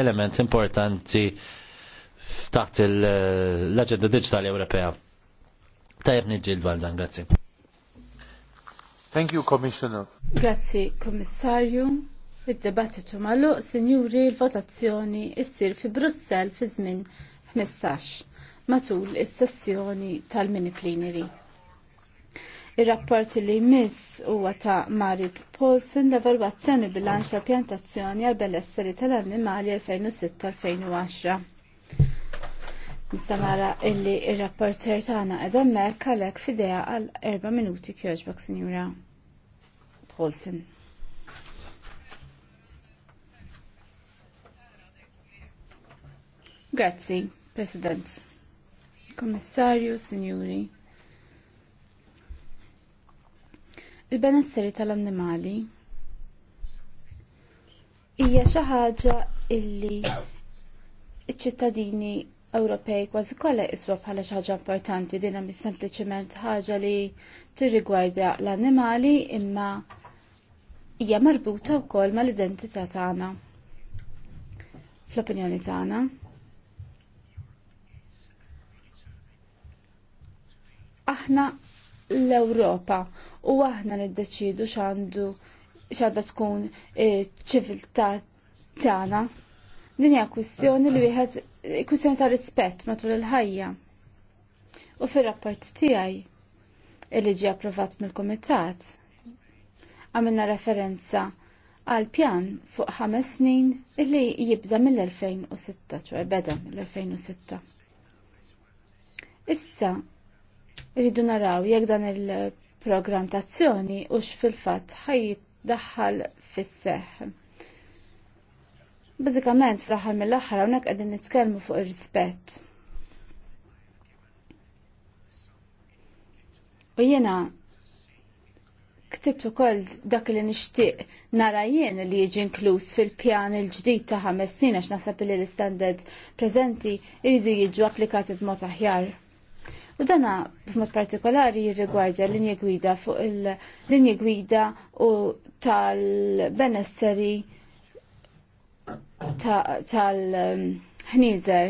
element importanti taħt eh, l-Aġenda Digitali Ewropea. Tajab nġil dan, grazzi. Thank you, Commissioner. Grazzi, Kommissarju. Id-debattitu maluq, sinjuri, l-votazzjoni issir fi Brussel fi żmien 15 matul is-sessjoni tal-mini plenary. Il-rapport li jmiss huwa ta' Marit Paulson l-evalwazzjoni bilanċ ta' pjantazzjoni għal bellesseri tal-annimali 2006-2010. Nista' nara illi il rapporter tagħna qed hemmhekk għalhekk fidea għal erba' minuti kjoġbok Signora Paulson. Grazzi, President. Kommissarju, Signori. il-benesseri tal-annimali hija xi ħaġa illi ċ ċittadini Ewropej kważi kollha iswa bħala xi ħaġa importanti din hemm sempliċement ħaġa li tirrigwardja l-annimali imma hija marbuta wkoll mal-identità tagħna. Fl-opinjoni tagħna. Aħna l-Ewropa u aħna niddeċidu x'għandu x'għandha tkun ċiviltà tagħna. Din hija kwistjoni li wieħed kwistjoni ta' rispett matul il-ħajja. U fir-rapport tiegħi li ġie approvat mill-Kumitat għamilna referenza għal pjan fuq ħames snin illi jibda mill-2006, ċoħe beda mill-2006. Issa, Rridu naraw jekk dan il-programm ta' azzjoni hux fil-fatt ħajjit daħħal fis-seħħ. Bażikament fl-aħħar mill-aħħar hawnhekk qegħdin nitkellmu fuq ir-rispett. U jiena ktibtu ukoll dak li nixtieq nara jien li jiġi inkluż fil-pjan il-ġdid ta' ħames snin għax naħseb li l-istandard preżenti jridu jiġu applikati b'mod aħjar. U dana b'mod partikolari jirrigwardja linja gwida fuq il-linja gwida u tal-benesseri tal-ħnizer.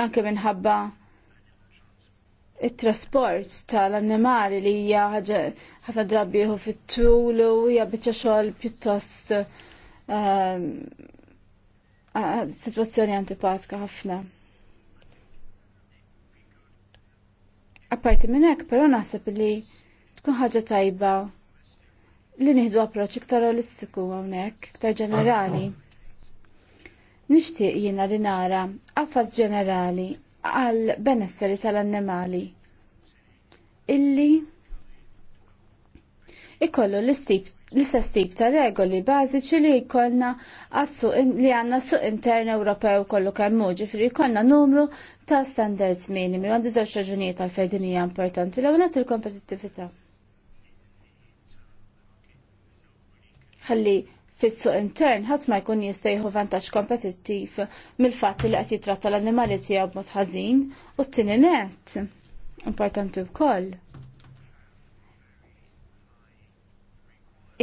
Manke minħabba it-trasport tal-annimali li hija ħafna drabi jieħu fit-tul u hija biċċa xogħol pjuttost ehm, situazzjoni antipatika ħafna. Apparti minn hekk, però naħseb li tkun ħaġa tajba li nieħdu approċċ iktar realistiku hawnhekk, iktar ġenerali. Nixtieq jiena li nara qafas ġenerali għal benesseri tal-annimali illi ikollu l-istess tip ta' regoli bażiċi li jkollna li għandna suq intern Ewropew kollu kemm ġifri jkollna numru ta' standards minimi għandi żewġ raġunijiet għalfejn din hija importanti l-ewwel il-kompetittività. Ħalli fis-suq intern ħadd ma jkun jista' jieħu vantaġġ kompetittiv mill-fatt li qed jitratta l-annimali tiegħu b'mod ħażin u t-tieni net. Importanti wkoll.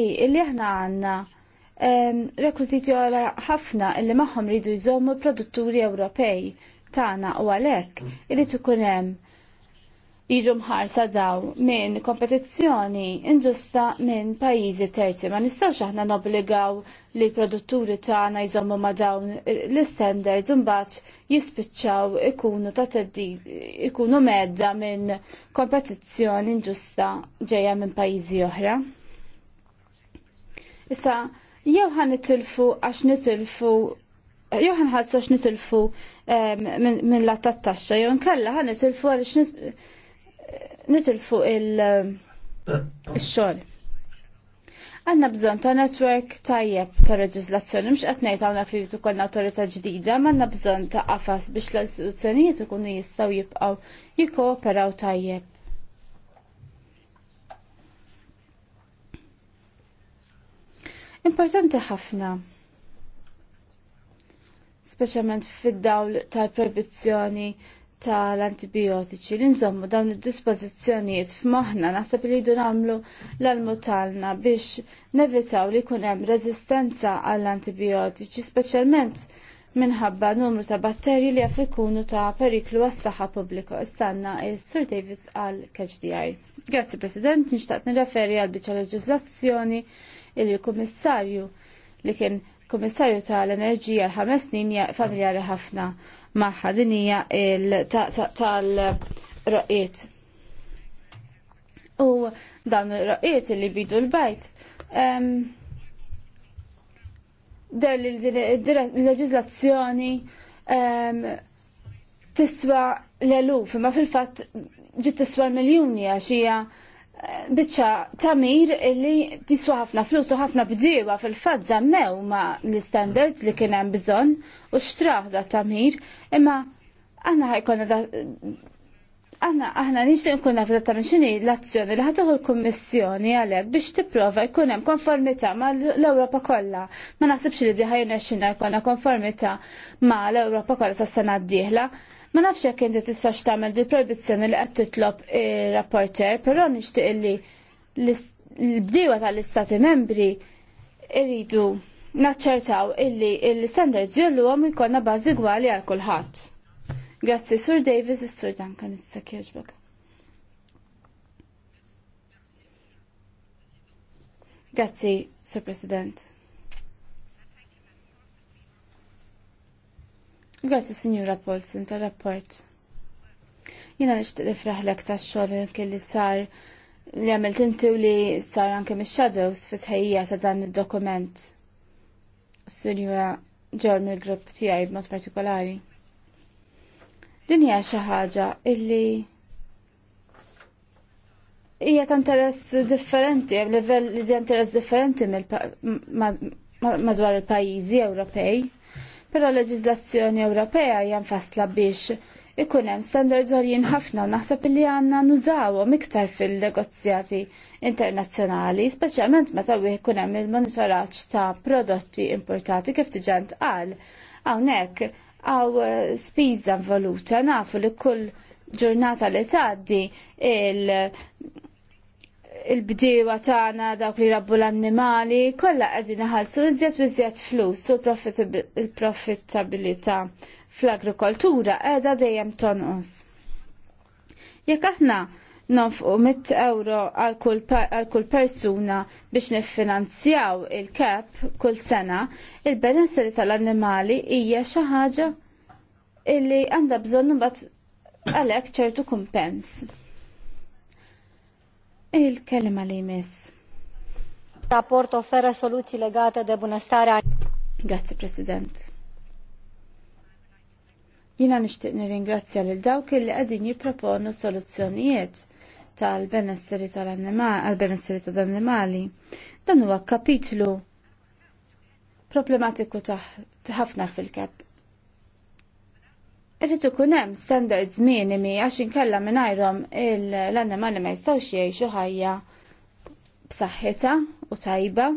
i illi aħna għandna rekwiziti għala ħafna illi magħhom ridu jżommu produtturi Ewropej tagħna u għalhekk irid ikun hemm jiġu mħarsa daw minn kompetizzjoni inġusta minn pajjiżi terzi. Ma nistgħux aħna nobligaw li produtturi tagħna jżommu ma dawn l-standards imbagħad jispiċċaw ikunu ta' ikunu medda minn kompetizzjoni inġusta ġejja minn pajjiżi oħra. Issa, jew ħan nitilfu għax nitilfu jew ħan ħassu għax nitilfu minn la taxxa jew nkella ħan nitilfu għax nitilfu il-xogħol. Għanna bżon ta' network tajjeb ta' leġislazzjoni, mx għatnejt għawna li tukollna autorita ġdida, ma' għanna bżon ta' qafas biex l-istituzzjonijiet ikunu jistaw jibqaw jikooperaw tajjeb. importanti ħafna. Speċjalment fid-dawl tal-proibizzjoni tal-antibiotiċi li nżommu dawn id-dispożizzjonijiet f'moħħna naħseb li jdu nagħmlu l-almu biex nevitaw li jkun hemm reżistenza għall-antibiotiċi speċjalment minħabba numru ta' batterji li jaf ikunu ta' periklu għas saħħa pubbliku. Istanna il sur Davis għal KHDI. Grazzi President, nixtaqt nirreferi għal biċa leġislazzjoni il-kummissarju li kien kummissarju tal-enerġija l-ħames snin familjari ħafna maħħa dinija tal raqiet U dan il raqiet li bidu l-bajt. Der li l-leġizlazzjoni tiswa l-eluf, ma fil-fat ġit tiswa miljoni għaxija biċċa tamir li tiswa ħafna flus u ħafna bdiewa fil-fadza mew ma l-standards li kien hemm bżonn u xtraħ da tamir imma għanna ħajkonna da għanna aħna nixtieq nkunna naf ta' minn l-azzjoni li ħatuħu l-Kummissjoni għalhekk biex tipprova jkun hemm konformità ma' l-Ewropa kollha. Ma naħsibx li di ħajrna jkunna jkollna konformità ma' l-Ewropa kollha tas-sena d-dieħla Ma nafx jekk inti tistax tagħmel di proibizzjoni li qed titlob ir-rapporter, però nixtieq li l-bdiewa tal-istati membri iridu naċċertaw illi l-standards jollu għom jkollna bażi gwali għal kulħadd. Grazzi, Sur Davis, Sur Duncan, issa kieġbek. Grazzi, Sur President. Grazzi Signora Paulsen ta' rapport. Jina nixtieq nifraħlek tax xogħol kelli sar li għamilt inti u li sar anke mix-shadows fit-ħejja ta' dan id-dokument. Signora ġor mill-grupp tiegħi b'mod partikolari. Din hija xi ħaġa illi hija ta' interess differenti, hemm livell li interess differenti madwar il-pajjiżi Ewropej però l-leġiżlazzjoni Ewropea hija biex ikun hemm standards għoljin ħafna u naħseb li għandna nużawhom iktar fil-negozjati internazzjonali, speċjalment meta wieħed ikun hemm il-monitoraġġ ta' prodotti importati kif diġà ntqal. Hawnhekk għaw eh, spiża involuta nafu li kull ġurnata li tgħaddi il- il-bdiewa tagħna dawk li rabbu l-annimali kollha qegħdin iħallsu iżjed u iżjed flus u l-profittabilità fl-agrikoltura qiegħda dejjem tonqos. Jekk aħna nofqu 100 euro għal kull persuna biex niffinanzjaw il-kep kull sena, il-benesseri tal-annimali hija xi ħaġa illi għandha bżonn imbagħad għalhekk ċertu kumpens. Il-kelma li jmiss. Rapport offera soluzzi legate de bunastare. Grazie, President. Jina nishtiq nirringrazzja lil dawk li qegħdin jipproponu soluzzjonijiet tal-benesseri tal-benesseri tal-annimali. Dan huwa kapitlu problematiku ħafna fil-kap Irrid ikun hemm standards minimi għax inkella mingħajrhom l-annimali ma jistgħux jgħixu ħajja b'saħħitha u tajba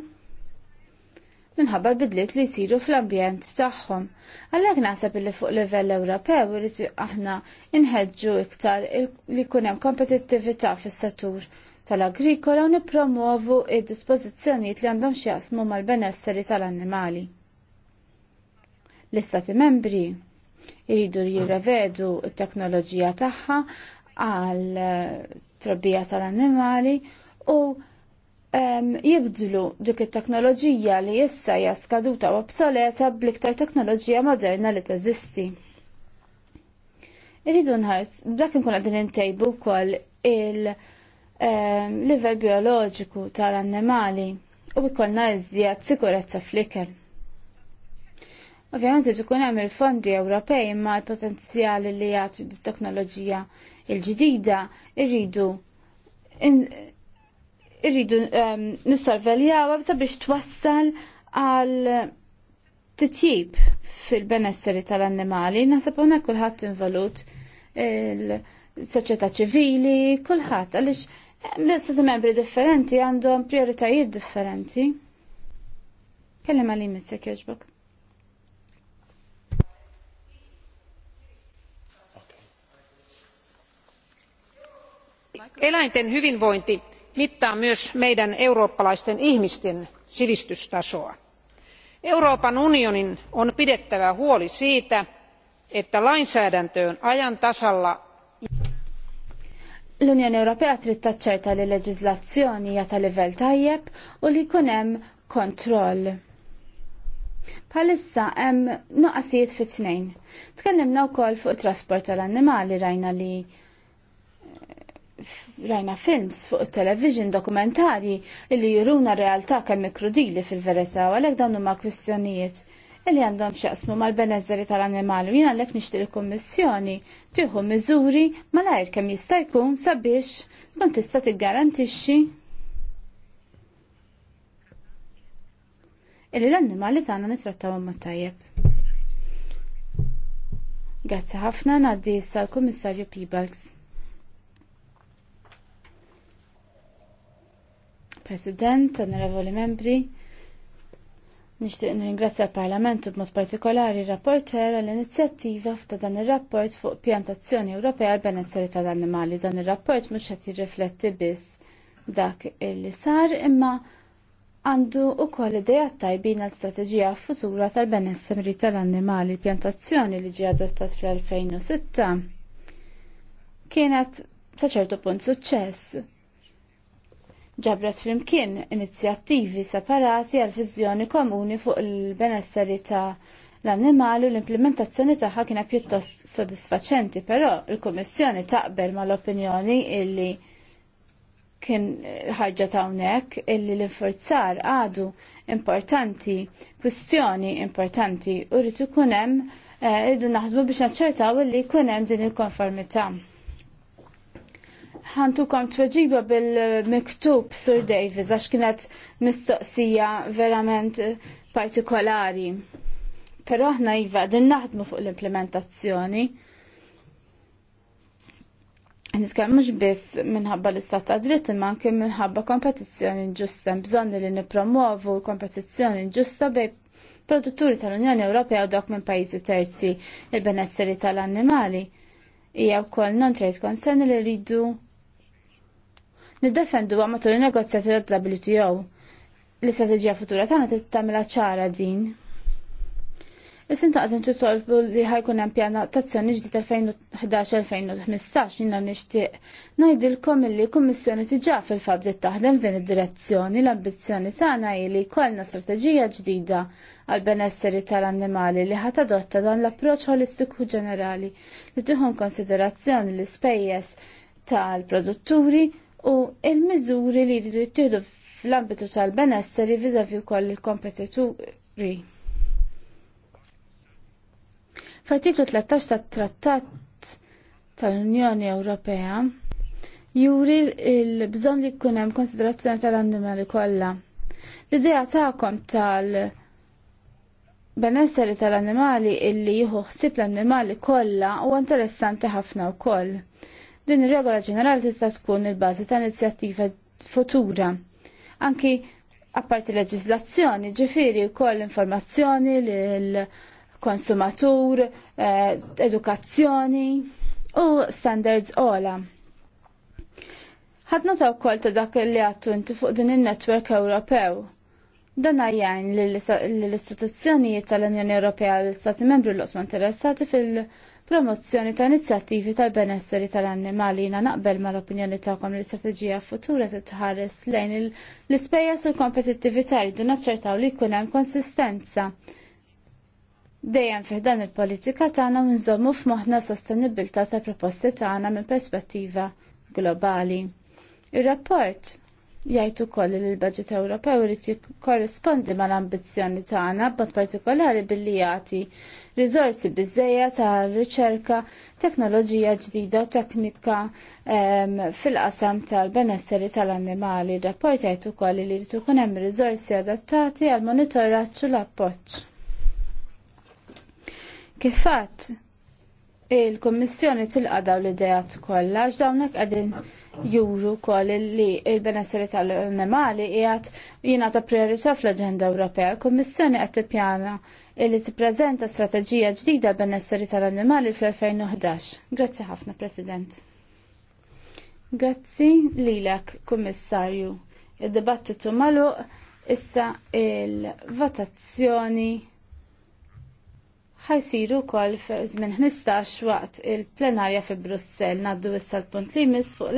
minħabba l-bidliet li jsiru fl-ambjent tagħhom. Għalhekk naħseb li fuq livell Ewropew irid aħna inħeġġu iktar li jkun hemm kompetittività fis-settur tal-agrikola u nippromovu id-dispożizzjonijiet li għandhom jaqsmu mal-benesseri tal-annimali. L-Istati membri iridu jirrevedu t teknoloġija tagħha għal eh, trobbija tal-annimali u ehm, jibdlu dik it-teknoloġija li issa hija skaduta u obsoleta bl-iktar teknoloġija moderna li teżisti. Iridu nħars, dak inkun qegħdin intejbu wkoll il-livell ehm, bioloġiku tal-annimali u jkollna iżjed sikurezza fl-ikel. Ovvjament se ikun hemm il-fondi Ewropej imma l-potenzjali li jagħtu t teknoloġija il-ġdida irridu irridu ehm, nissorveljaw sabiex twassal għal titjib fil-benesseri tal-annimali, nasab hawnhekk kulħadd involut il soċjetà ċivili, kulħadd, għaliex l-istat membri differenti għandhom prioritajiet differenti. Kellem għalim il-sekjoġbok. eläinten hyvinvointi mittaa myös meidän eurooppalaisten ihmisten sivistystasoa. euroopan unionin on pidettävä huoli siitä että lainsäädäntö on ajan tasalla l-Unjoni Ewropea trid taċċerta li l-leġiżlazzjoni hija ta' livell tajjeb u li jkun hemm kontroll. Bħalissa hemm noqasijiet fit-tnejn. Tkellimna wkoll fuq trasport tal-annimali rajna li rajna films fuq television dokumentari li jiruna realtà kemm mikrodili fil-verità u għalhekk dawn huma kwistjonijiet li għandhom xaqsmu mal-benezzeri tal-annimali u jien għalhekk nixtieq il-Kummissjoni tieħu miżuri malajr kemm jista' jkun sabiex tkun tista' tiggarantixxi illi l-annimali tagħna nitrattawhom mat-tajjeb. Grazzi ħafna ngħaddi issa l-Kummissarju Peebles. President, onorevoli membri, Nishtiq nirringrazzja l-Parlamentu b'mod partikolari rapporter għall-inizjattiva f'ta' dan ir-rapport fuq pjantazzjoni Ewropea għal ta' tal-annimali. Dan ir-rapport mhux qed jirrifletti biss dak li sar imma għandu koll idea tajbin għal strateġija futura tal-benesseri tal-annimali. Pjantazzjoni li ġie adottat fl-2006 kienet ta' ċertu punt suċċess ġabret flimkien inizjattivi separati għal viżjoni komuni fuq il-benesseri ta' l-annimali u l-implementazzjoni tagħha kienet pjuttost sodisfaċenti, però il-Kummissjoni taqbel mal-opinjoni illi kien ħarġa ta' hawnhekk illi l-infurzar għadu importanti, kwistjoni importanti u rrid ikun hemm eh, idu naħdmu biex naċċertaw illi jkun hemm din il-konformità. Ħantu kont tweġiba bil-miktub Sur Davis għax kienet mistoqsija verament partikolari. Pero aħna iva din naħdmu fuq l-implementazzjoni. Nitkellem mhux biss minħabba l-istat ta' dritt imma anke minħabba kompetizzjoni ġusta bżonn li nippromovu kompetizzjoni ġusta bej produtturi tal-Unjoni Ewropea u dak minn pajjiżi terzi il-benesseri tal-annimali hija wkoll non trade concern li rridu niddefendu għamma matul il-negozjati tal-WTO. L-istrateġija futura tagħna tagħmilha ċara din. is sintaqt għadin titolbu li ħajkun hemm pjana tazzjoni ġdid 2011-2015 jina nixtieq ngħidilkom illi kummissjoni tiġà fil-fabdiet taħdem f'din id-direzzjoni l-ambizzjoni tagħna hi li jkollna strateġija ġdida għal benesseri tal-annimali li ħat adotta dan l-approċċ holistiku ġenerali li tieħu konsiderazzjoni l-ispejjeż tal-produtturi, u il-miżuri li jridu jittieħdu fl-ambitu tal-benesseri viżavi wkoll il-kompetituri. F'artiklu 13 tat-Trattat tal-Unjoni Ewropea juri l-bżonn li jkun hemm konsiderazzjoni tal-annimali kollha. L-idea tagħkom tal benesseri tal-annimali illi jieħu ħsieb l-annimali kollha huwa interessanti ħafna wkoll Din ir-regola ġenerali tista' tkun il-bażi ta' inizjattiva futura. Anki apparti leġislazzjoni, ġifiri wkoll informazzjoni lil konsumatur, eh, edukazzjoni u standards ola. Ħadna ta' wkoll ta' dak li għattu inti fuq din in netwerk Ewropew Dan li l-istituzzjonijiet tal-Unjoni Ewropea l stati membri l-osma interessati fil-promozzjoni ta' inizjattivi tal-benesseri tal-annimali jina naqbel ma l-opinjoni ta'kom l-istrateġija futura tħares lejn l ispeja sul kompetittivita jiddu jridu naċċertaw li jkun hemm konsistenza dejjem fiħdan il-politika tagħna nżommu f'moħħna sostenibilità ta' proposti tagħna minn perspettiva globali. Ir-rapport jgħid ukoll li l-budget Ewropew irid jikkorrispondi mal-ambizzjoni tagħna b'mod partikolari billi jagħti riżorsi biżejja ta' riċerka, teknoloġija ġdida u teknika fil-qasam tal-benesseri tal-annimali. Rapport jgħid ukoll li jrid ikun hemm riżorsi adattati għal monitoraġġ u l-appoġġ. Kif fatt, il-Kommissjoni tilqa daw l-idejat kollha għax dawnek qegħdin juru wkoll li l-benesseri tal-annimali qiegħed jingħata priorità fl-Aġenda Ewropea. Il-Kummissjoni qed tippjana li tippreżenta strateġija ġdida l-benesseri tal-annimali fl-2011. Grazzi ħafna, President. Grazzi lilek, Kummissarju. Id-dibattitu magħluq issa il-votazzjoni ħajsiru wkoll żmien 15 waqt il-plenarja fi Brussell ngħaddu issa l-punt li jmiss fuq